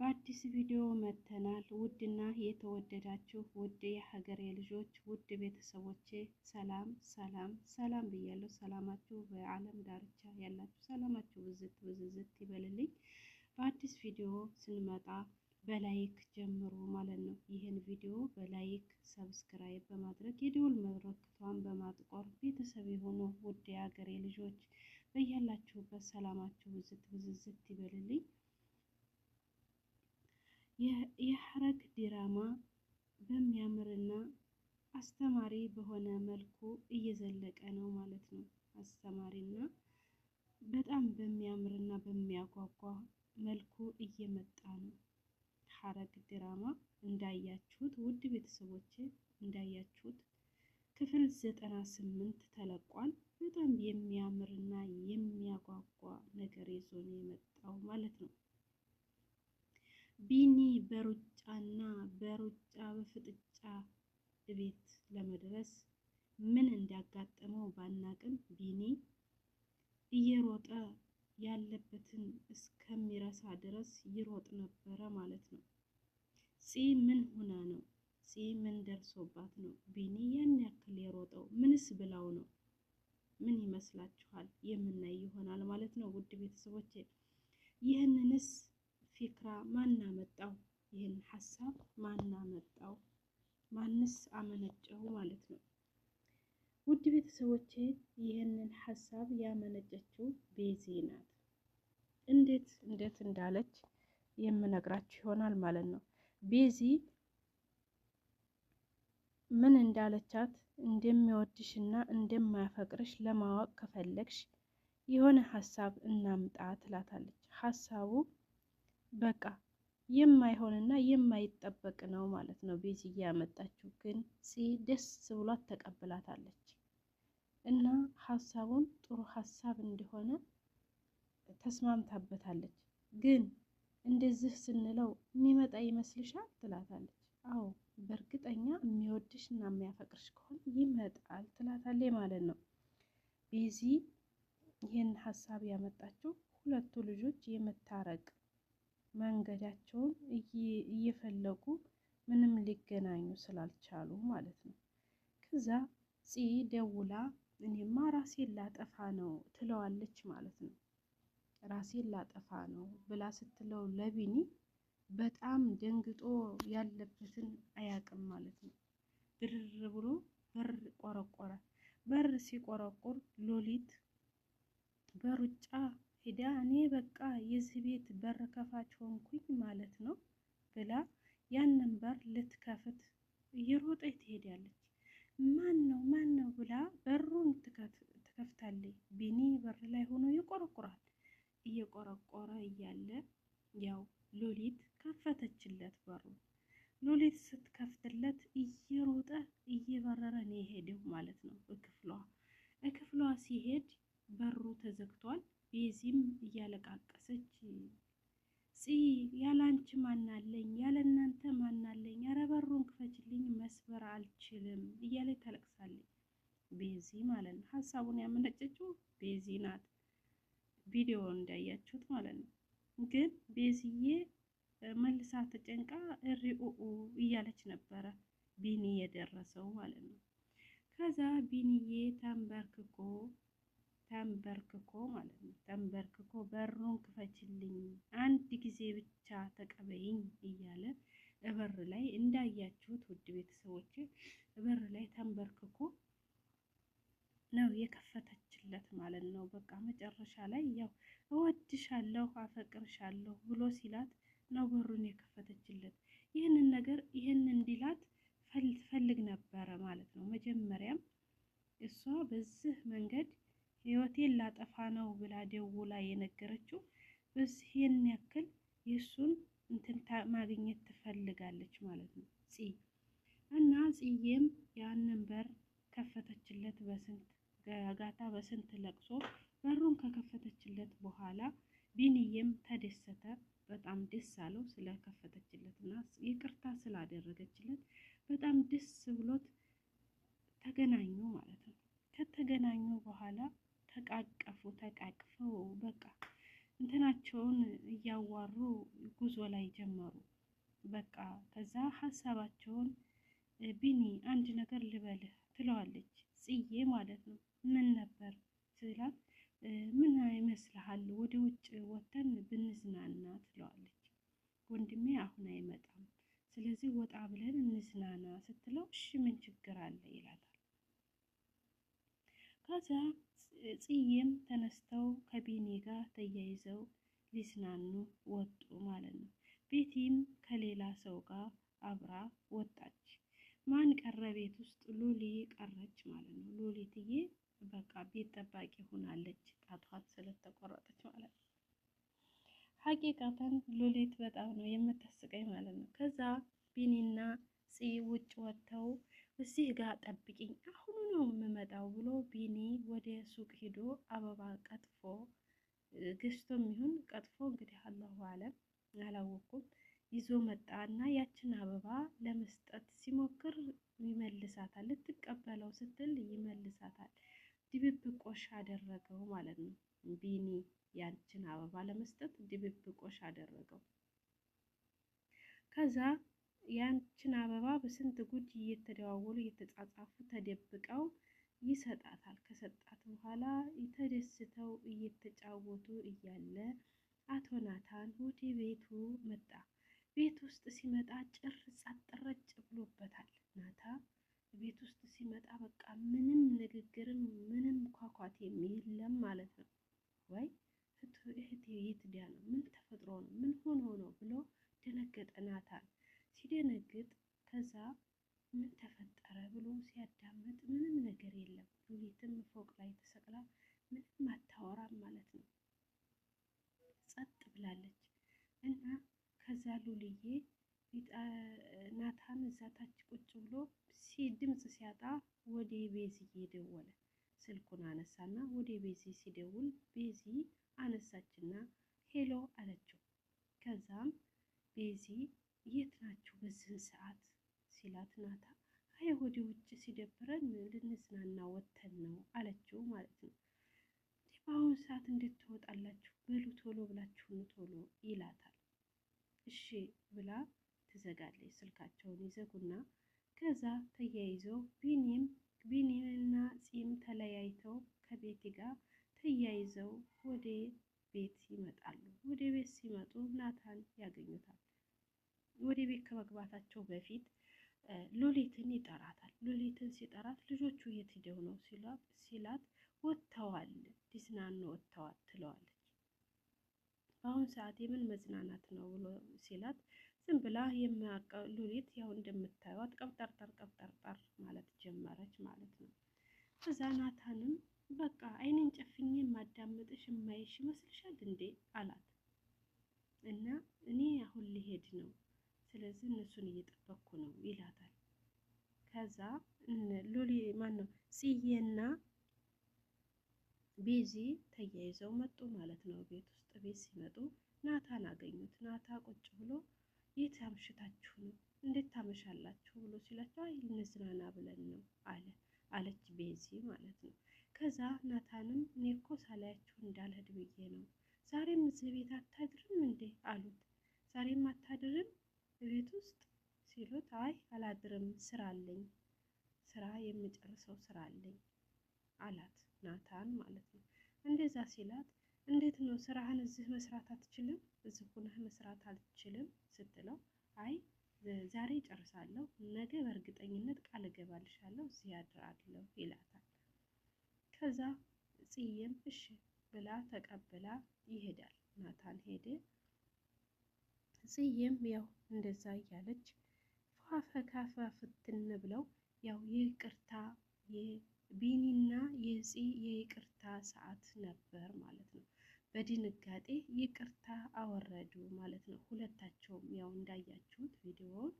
በአዲስ ቪዲዮ መጥተናል። ውድና የተወደዳችሁ ውድ የሀገሬ ልጆች፣ ውድ ቤተሰቦቼ ሰላም ሰላም ሰላም ብያለሁ። ሰላማችሁ በዓለም ዳርቻ ያላችሁ ሰላማችሁ ብዝት ብዝዝት ይበልልኝ። በአዲስ ቪዲዮ ስንመጣ በላይክ ጀምሮ ማለት ነው። ይህን ቪዲዮ በላይክ ሰብስክራይብ በማድረግ የደወል መረክቷን በማጥቆር ቤተሰብ የሆኑ ውድ የሀገሬ ልጆች በያላችሁበት ሰላማችሁ ብዝት ብዝዝት ይበልልኝ። የሐረግ ድራማ በሚያምርና አስተማሪ በሆነ መልኩ እየዘለቀ ነው ማለት ነው። አስተማሪና በጣም በሚያምርና በሚያጓጓ መልኩ እየመጣ ነው ሐረግ ድራማ። እንዳያችሁት ውድ ቤተሰቦች እንዳያችሁት ክፍል ዘጠና ስምንት ተለቋል። በጣም የሚያምርና የሚያጓጓ ነገር ይዞ ነው የመጣው ማለት ነው። ቢኒ በሩጫና በሩጫ በፍጥጫ ቤት ለመድረስ ምን እንዳጋጠመው ባናቅም ቢኒ እየሮጠ ያለበትን እስከሚረሳ ድረስ ይሮጥ ነበረ ማለት ነው። ፂ ምን ሆና ነው? ፂ ምን ደርሶባት ነው? ቢኒ ያን ያክል የሮጠው ምንስ ብላው ነው? ምን ይመስላችኋል? የምናይ ይሆናል ማለት ነው ውድ ቤተሰቦቼ ይህንንስ ፊክራ ማናመጣው ይህን ሀሳብ ማናመጣው ማንስ አመነጨው ማለት ነው። ውድ ቤተሰቦቼ ይህንን ሀሳብ ያመነጨችው ቤዚ ናት። እንዴት እንዴት እንዳለች የምነግራችሁ ይሆናል ማለት ነው። ቤዚ ምን እንዳለቻት እንደሚወድሽና እንደማያፈቅርሽ ለማወቅ ከፈለግሽ የሆነ ሀሳብ እናምጣ ትላታለች። ሀሳቡ በቃ የማይሆንና የማይጠበቅ ነው ማለት ነው። ቤዚ ያመጣችው ግን ደስ ብሏት ተቀብላታለች። እና ሀሳቡን ጥሩ ሀሳብ እንደሆነ ተስማምታበታለች። ግን እንደዚህ ስንለው የሚመጣ ይመስልሻል ትላታለች። አዎ በእርግጠኛ የሚወድሽ እና የሚያፈቅርሽ ከሆነ ይመጣል ትላታለች ማለት ነው። ቤዚ ይህን ሀሳብ ያመጣችው ሁለቱ ልጆች የመታረቅ መንገዳቸውን እየፈለጉ ምንም ሊገናኙ ስላልቻሉ ማለት ነው። ከዛ ፂ ደውላ እኔማ ራሴን ላጠፋ ነው ትለዋለች ማለት ነው። ራሴን ላጠፋ ነው ብላ ስትለው ለቢኒ በጣም ደንግጦ ያለበትን አያውቅም ማለት ነው። ድርር ብሎ በር ቆረቆረ። በር ሲቆረቁር ሎሊት በሩጫ ሂዳ እኔ በቃ የዚህ ቤት በር ከፋች ሆንኩኝ ማለት ነው ብላ ያንን በር ልትከፍት እየሮጠች ትሄዳለች። ማን ነው ማን ነው ብላ በሩን ትከፍታለች። ቢኒ በር ላይ ሆኖ ይቆረቁራል። እየቆረቆረ እያለ ያው ሎሊት ከፈተችለት በሩ። ሎሊት ስትከፍትለት እየሮጠ እየበረረ ነው የሄደው ማለት ነው። እክፍሏ እክፍሏ ሲሄድ በሩ ተዘግቷል። ቤዚም እያለቃቀሰች ፂ ያለ አንቺ ማናለኝ፣ ያለ እናንተ ማናለኝ፣ ኧረ በሩን ክፈችልኝ መስበር አልችልም እያለች ታለቅሳለች። ቤዚ ማለት ነው። ሀሳቡን ያመነጨችው ቤዚ ናት። ቪዲዮ እንዳያችሁት ማለት ነው። ግን ቤዚዬ መልሳ ተጨንቃ እሪኡኡ እያለች ነበረ ቢኒ የደረሰው ማለት ነው። ከዛ ቢኒዬ ተንበርክኮ ተንበርክኮ ማለት ነው። ተንበርክኮ በሩን ክፈችልኝ አንድ ጊዜ ብቻ ተቀበይኝ እያለ በር ላይ እንዳያችሁት ውድ ቤተሰቦች በር ላይ ተንበርክኮ ነው የከፈተችለት ማለት ነው። በቃ መጨረሻ ላይ ያው እወድሻለሁ፣ አፈቅርሻለሁ ብሎ ሲላት ነው በሩን የከፈተችለት። ይህንን ነገር ይህን እንዲላት ፈልግ ነበረ ማለት ነው። መጀመሪያም እሷ በዚህ መንገድ ህይወቴን ላጠፋ ነው ብላ ደውላ የነገረችው በዚህን ይህን ያክል የእሱን እንትን ማግኘት ትፈልጋለች ማለት ነው ጽ እና ጽዬም ያንን በር ከፈተችለት በስንት ጋጋታ በስንት ለቅሶ በሩን ከከፈተችለት በኋላ ቢንዬም ተደሰተ። በጣም ደስ አለው ስለከፈተችለት እና ይቅርታ ስላደረገችለት በጣም ደስ ብሎት ተገናኙ ማለት ነው። ከተገናኙ በኋላ ተቃቀፉ። ተቃቅፈው በቃ እንትናቸውን እያዋሩ ጉዞ ላይ ጀመሩ። በቃ ከዛ ሀሳባቸውን ቢኒ አንድ ነገር ልበልህ ትለዋለች ጽዬ ማለት ነው። ምን ነበር ስላት ምን ይመስልሃል ወደ ውጭ ወተን ብንዝናና ትለዋለች። ወንድሜ አሁን አይመጣም፣ ስለዚህ ወጣ ብለን እንዝናና ስትለው እሺ ምን ችግር አለ ይላታል። ከዛ ጽዬም ተነስተው ከቢኒ ጋር ተያይዘው ሊዝናኑ ወጡ ማለት ነው። ቤቲም ከሌላ ሰው ጋር አብራ ወጣች። ማን ቀረ ቤት ውስጥ? ሉሊ ቀረች ማለት ነው። ሉሊትዬ በቃ ቤት ጠባቂ ሆናለች፣ ጣቷን ስለተቆረጠች ማለት ነው። ሀቂቃተን ሉሊት በጣም ነው የምታስቀኝ ማለት ነው። ከዛ ቢኒና ጽይ ውጭ ወጥተው እዚህ ጋር ጠብቂኝ አሁኑ ነው የምመጣው ብሎ ቢኒ ወደ ሱቅ ሂዶ አበባ ቀጥፎ ገዝቶ ይሁን ቀጥፎ እንግዲህ አላሁ አለም አላወኩም ይዞ መጣ እና ያችን አበባ ለመስጠት ሲሞክር ይመልሳታል። ልትቀበለው ስትል ይመልሳታል። ድብብቆሽ አደረገው ማለት ነው። ቢኒ ያችን አበባ ለመስጠት ድብብቆሽ አደረገው። ከዛ ያንችን አበባ በስንት ጉድ እየተደዋወሉ እየተጻጻፉ ተደብቀው ይሰጣታል። ከሰጣት በኋላ ተደስተው እየተጫወቱ እያለ አቶ ናታን ወደ ቤቱ መጣ። ቤት ውስጥ ሲመጣ ጭር ጻጥረጭ ብሎበታል። ናታ ቤት ውስጥ ሲመጣ በቃ ምንም ንግግርም ምንም ኳኳት የለም ማለት ነው። ወይ እህቴ የት ሄዳ ነው? ምን ተፈጥሮ ነው? ምን ሆኖ ነው ብሎ ደነገጠ ናታን። ሲደነግጥ ከዛ ምን ተፈጠረ ብሎ ሲያዳምጥ ምንም ነገር የለም። ሉሊትም ፎቅ ላይ ተሰቅላ ምንም አታወራም ማለት ነው። ጸጥ ብላለች እና ከዛ ሉልዬ ናታን እዛ ታች ቁጭ ብሎ ድምፅ ሲያጣ ወደ ቤዝዬ ደወለ። ስልኩን አነሳና ወደ ቤዚ ሲደውል ቤዚ አነሳችና ሄሎ አለችው። ከዛም ቤዚ የት ናችሁ በዚህን ሰዓት ሲላት ናታ አይ ወደ ውጭ ሲደብረን ልንዝናና ወተን ነው አለችው ማለት ነው። በአሁኑ ሰዓት እንዴት ትወጣላችሁ? በሉ ቶሎ ብላችሁ ቶሎ ይላታል። እሺ ብላ ትዘጋለች። ስልካቸውን ይዘጉና ከዛ ተያይዘው ቢኒም ቢኒና ፂም ተለያይተው ከቤቲ ጋር ተያይዘው ወደ ቤት ይመጣሉ። ወደ ቤት ሲመጡ ናታን ያገኙታል። ወደ ቤት ከመግባታቸው በፊት ሉሊትን ይጠራታል። ሉሊትን ሲጠራት ልጆቹ የት ሄደው ነው ሲላት ወጥተዋል፣ ዲስናኑ ወጥተዋል ትለዋለች። በአሁኑ ሰዓት የምን መዝናናት ነው ብሎ ሲላት ዝም ብላ የማያውቀው ሉሊት ያው እንደምታዩት ቀብጠርጠር ቀብጠርጠር ማለት ጀመረች ማለት ነው። ከዛ ናታንም በቃ አይኔን ጨፍኜ የማዳምጥሽ የማይሽ ይመስልሻል እንዴ አላት እና እኔ አሁን ሊሄድ ነው ስለዚህ እነሱን እየጠበቅኩ ነው ይላታል። ከዛ ሎሊ ማን ነው ጽዬና ቤዚ ተያይዘው መጡ ማለት ነው። ቤት ውስጥ ቤት ሲመጡ ናታን አገኙት። ናታ ቁጭ ብሎ የት አምሽታችሁ ነው እንዴት ታመሻላችሁ ብሎ ሲላቸው አይ ብለን ነው አለ አለች ቤዚ ማለት ነው። ከዛ ናታንም እኔ እኮ ሳላያችሁ እንዳልሄድ ብዬ ነው ዛሬም እዚህ ቤት አታድርም እንዴ አሉት። ዛሬም አታድርም ቤት ውስጥ ሲሉት አይ አላድርም፣ ስራ አለኝ፣ ስራ የምጨርሰው ስራ አለኝ አላት ናታን ማለት ነው። እንደዛ ሲላት እንዴት ነው ስራህን እዚህ መስራት አትችልም? እዚህ ሁነህ መስራት አልችልም ስትለው አይ ዛሬ ጨርሳለሁ፣ ነገ በእርግጠኝነት ቃል እገባልሻለሁ እዚህ አድራለሁ ይላታል። ከዛ ጽዬም እሺ ብላ ተቀብላ ይሄዳል። ናታን ሄደ። ጽዬም ያው እንደዛ እያለች ፏፈካ ፏፍትን ብለው ያው ይቅርታ የቢኒና የጽ የይቅርታ ሰዓት ነበር ማለት ነው። በድንጋጤ ይቅርታ አወረዱ ማለት ነው። ሁለታቸውም ያው እንዳያችሁት ቪዲዮውን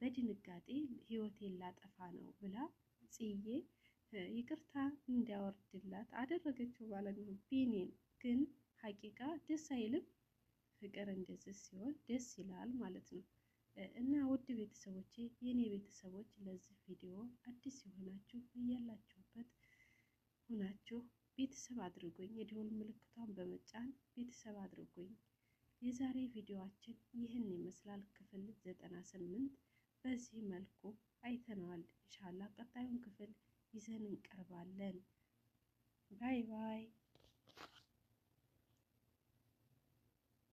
በድንጋጤ ህይወቴን ላጠፋ ነው ብላ ጽዬ ይቅርታ እንዲያወርድላት አደረገችው ማለት ነው። ቢኒን ግን ሀቂቃ ደስ አይልም። ፍቅር እንደዚህ ሲሆን ደስ ይላል ማለት ነው። እና ውድ ቤተሰቦቼ የኔ ቤተሰቦች ለዚህ ቪዲዮ አዲስ የሆናችሁ እያላችሁበት ሆናችሁ ቤተሰብ አድርጎኝ የደወል ምልክቷን በመጫን ቤተሰብ አድርጎኝ። የዛሬ ቪዲዮአችን ይህን ይመስላል። ክፍል ዘጠና ስምንት በዚህ መልኩ አይተነዋል። ኢንሻላ ቀጣዩን ክፍል ይዘን እንቀርባለን። ባይ ባይ።